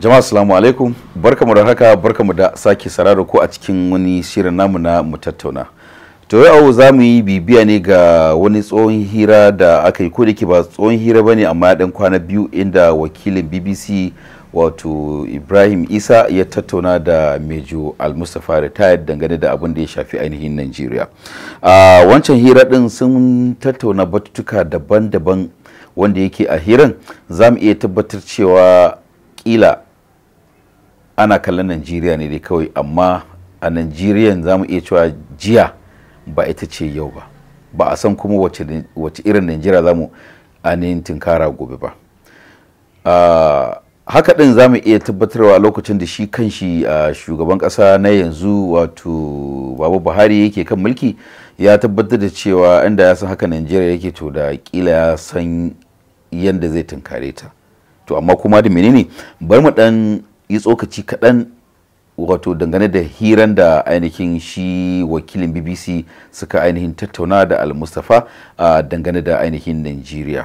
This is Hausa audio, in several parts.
jama'a salamu alaikum barkamu da haka barkamu da sake sararo ko a cikin wani shirin namu na mu tattauna to yau za mu yi bibiya ne ga wani tsohon hira da aka yi ko da ke ba tsohon hira bane amma ya dan kwana biyu inda wakilin bbc wato ibrahim isa ya tattauna da mejo almustapha retired dangane da abin da ya shafi ainihin nigeria a wancan hira din sun tattauna batutuka daban-daban wanda yake a hiran za mu iya tabbatar cewa kila ana kallon najeriya ne dai kawai amma a najeriya za mu iya cewa jiya ba ita ce yau ba ba a san kuma wace irin najeriya za mu ainihin tinkara gobe ba haka din za mu iya tabbatarwa a lokacin da shi kanshi shugaban kasa na yanzu wato babu buhari yake kan mulki ya tabbatar da cewa inda ya san haka najeriya yake to da kila ya san yadda zai tunkare ta to amma kuma da menene bari mu dan yi tsokaci kaɗan wato dangane da hiran da ainihin shi wakilin bbc suka ainihin tattauna da al a dangane da ainihin nigeria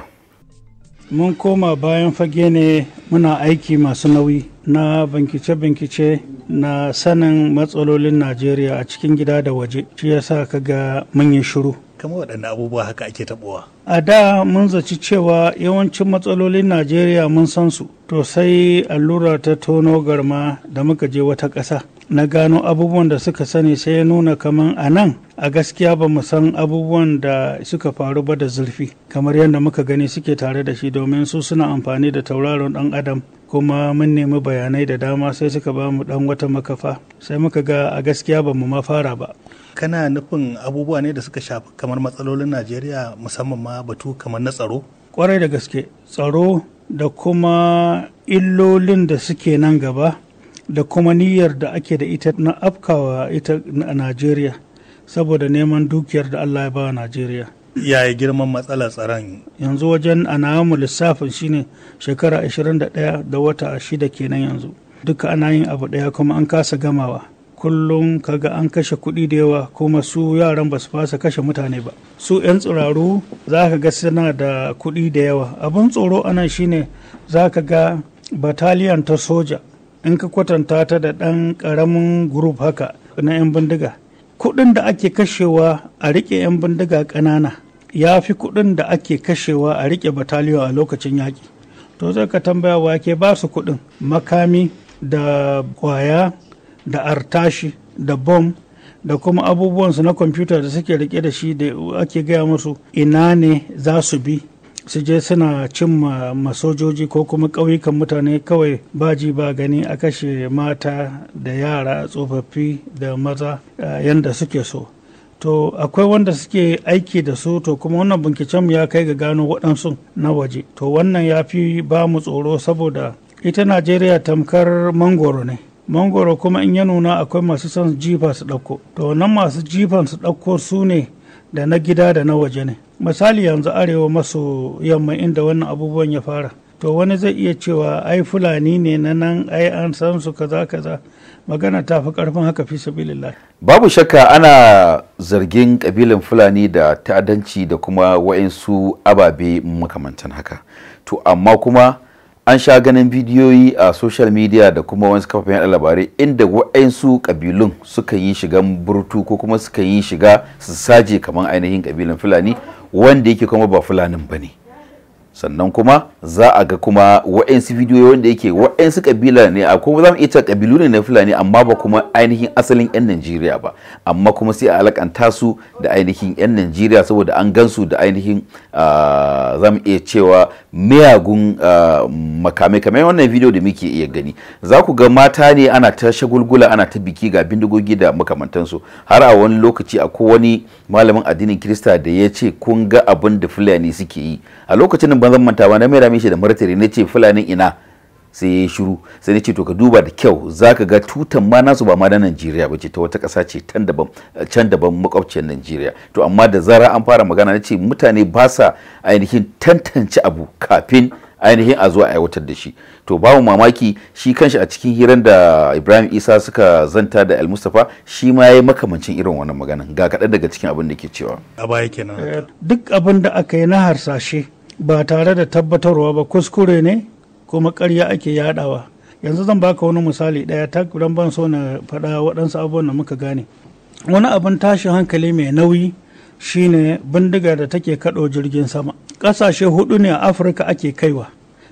mun koma bayan fage ne muna aiki masu nauyi na bankice-bankice na sanin matsalolin najeriya a cikin gida da waje shi yasa ka ga manyan shuru. kamar waɗanne abubuwa haka ake taɓowa. a da mun zaci cewa yawancin matsalolin najeriya mun san su to sai allura ta tono garma da muka je wata ƙasa na gano abubuwan da suka sani sai ya nuna kaman a nan a gaskiya ba mu san abubuwan da suka faru ba da zurfi kamar yadda muka gani suke tare da shi domin su suna amfani da tauraron dan adam kuma mun nemi bayanai da dama sai suka ba mu dan wata makafa sai muka ga a gaskiya ba mu ma fara ba kana nufin abubuwa ne da suka shafi kamar matsalolin najeriya musamman ma batu kamar na tsaro kwarai da gaske tsaro da kuma illolin da suke nan gaba da kuma niyyar da ake da ita na afkawa ita a najeriya saboda neman dukiyar da allah ya ba najeriya yaya girman matsalar tsaron yanzu wajen ana mu lissafin shine shekara 21 da wata shida kenan yanzu duka ana yin abu daya kuma an kasa gamawa kullum kaga an kashe kuɗi da yawa kuma su yaran ba su fasa kashe mutane ba su 'yan tsiraru za ka ga suna da kuɗi da yawa abin tsoro anan shine za ka ga bataliyan ta soja in ka kwatanta ta da ɗan ƙaramin group haka na 'yan bindiga kuɗin da ake kashewa a riƙe 'yan bindiga ƙanana ya fi kuɗin da ake kashewa a riƙe bataliyo a lokacin yaƙi to zai ka tambaya wa ke ba su kuɗin makami da ƙwaya da artashi da bom da kuma abubuwansu na kwamfuta da suke rike da shi da ake gaya musu ina ne za su bi su je suna cimma masojoji ko kuma ƙauyukan mutane kawai baji ba gani a kashe mata da yara tsofaffi da maza yadda suke so to akwai wanda suke aiki da su to kuma wannan mu ya kai ga gano waɗansu na waje to wannan ya fi ba mu tsoro saboda ita najeriya tamkar mangoro ne mangoro kuma in ya nuna akwai masu son jifa su ɗauko to nan masu jifa su ɗauko su ne da na gida da na waje ne misali yanzu arewa maso yamma inda wannan abubuwan ya fara to wani zai iya cewa ai fulani ne na nan ai an san su kaza kaza magana ta fi karfin haka fi sabilillah babu shakka ana zargin kabilan fulani da ta'addanci da kuma wa'insu ababe makamantan haka to amma kuma an sha ganin bidiyoyi a social media da kuma wasu kafafen yada labarai inda wa'ansu ƙabilun suka yi shigan burtu ko kuma suka yi shiga su saje kamar ainihin kabilan fulani wanda yake kuma ba fulanin ba ne sannan kuma za a ga kuma wa'yansu bidiyoyi wanda yake wa'yansu kabila ne a kuma za mu iya kabilu ne na fulani amma ba kuma ainihin asalin 'yan najeriya ba amma kuma sai a alakanta su da ainihin 'yan najeriya saboda an gansu da ainihin za mu iya cewa miyagun makamai kamar wannan bidiyo da muke iya gani za ku ga mata ne ana ta shagulgula ana ta biki ga bindigogi da makamantansu har a wani lokaci a wani malamin addinin kirista da ya ce kun ga abin da fulani suke yi a lokacin ban zan manta ba na mai rame da martiri na ce fulani ina sai ya yi shiru sai na ce to ka duba da kyau za ka ga tutan ma nasu ba ma na Najeriya ba ce ta wata kasa ce can daban makwabciyar Najeriya to amma da zara an fara magana na ce mutane ba sa ainihin tantance abu kafin ainihin a zuwa aiwatar da shi to babu mamaki shi kanshi a cikin hirar da ibrahim isa suka zanta da al mustapha shi ma ya yi makamancin irin wannan maganan ga kaɗan daga cikin abin da ke cewa duk abin da aka yi na harsashe ba tare da tabbatarwa ba kuskure ne kuma karya ake yadawa yanzu zan baka wani misali ɗaya ta don ban so na faɗa waɗansu abubuwan da muka gane wani abin tashin hankali mai nauyi shine bindiga da take kaɗo jirgin sama ƙasashe hudu ne a afirka ake kaiwa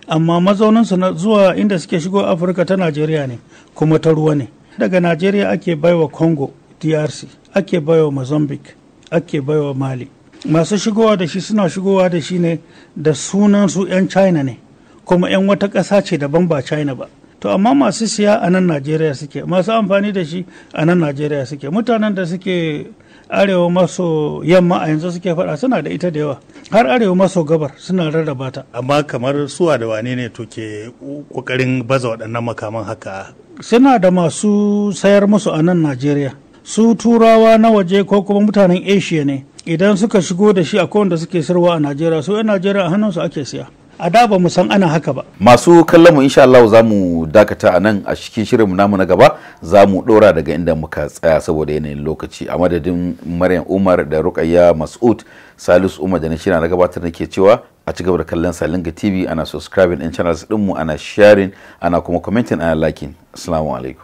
amma mazauninsu na zuwa inda suke shigo afirka ta najeriya ne kuma ta ruwa ne daga najeriya ake baiwa congo drc ake baiwa mozambique ake baiwa mali masu shigowa da shi suna shigowa da shi ne da sunan su 'yan china ne kuma 'yan wata ƙasa ce daban ba china ba to amma masu siya a nan najeriya suke masu amfani da shi a nan najeriya suke mutanen da suke arewa maso yamma a yanzu suke faɗa suna da ita da yawa har arewa maso gabar suna rarraba ta amma kamar suwa da wane ne to ke kokarin baza waɗannan makaman haka suna da masu sayar musu a nan najeriya su turawa na waje ko kuma mutanen asia ne idan suka shigo da shi a kowanda suke sarwa a najeriya su yan najeriya a hannunsu ake siya a da ba mu san ana haka ba masu kallon mu insha Allah za mu dakata a nan a cikin shirin mu namu na gaba za mu dora daga inda muka tsaya saboda yanayin lokaci a madadin Maryam Umar da Rukayya Mas'ud Salisu Umar da na shirin na gabatar nake cewa a ci gaba da kallon Salinga TV ana subscribing din channels din mu ana sharing ana kuma commenting ana liking assalamu alaikum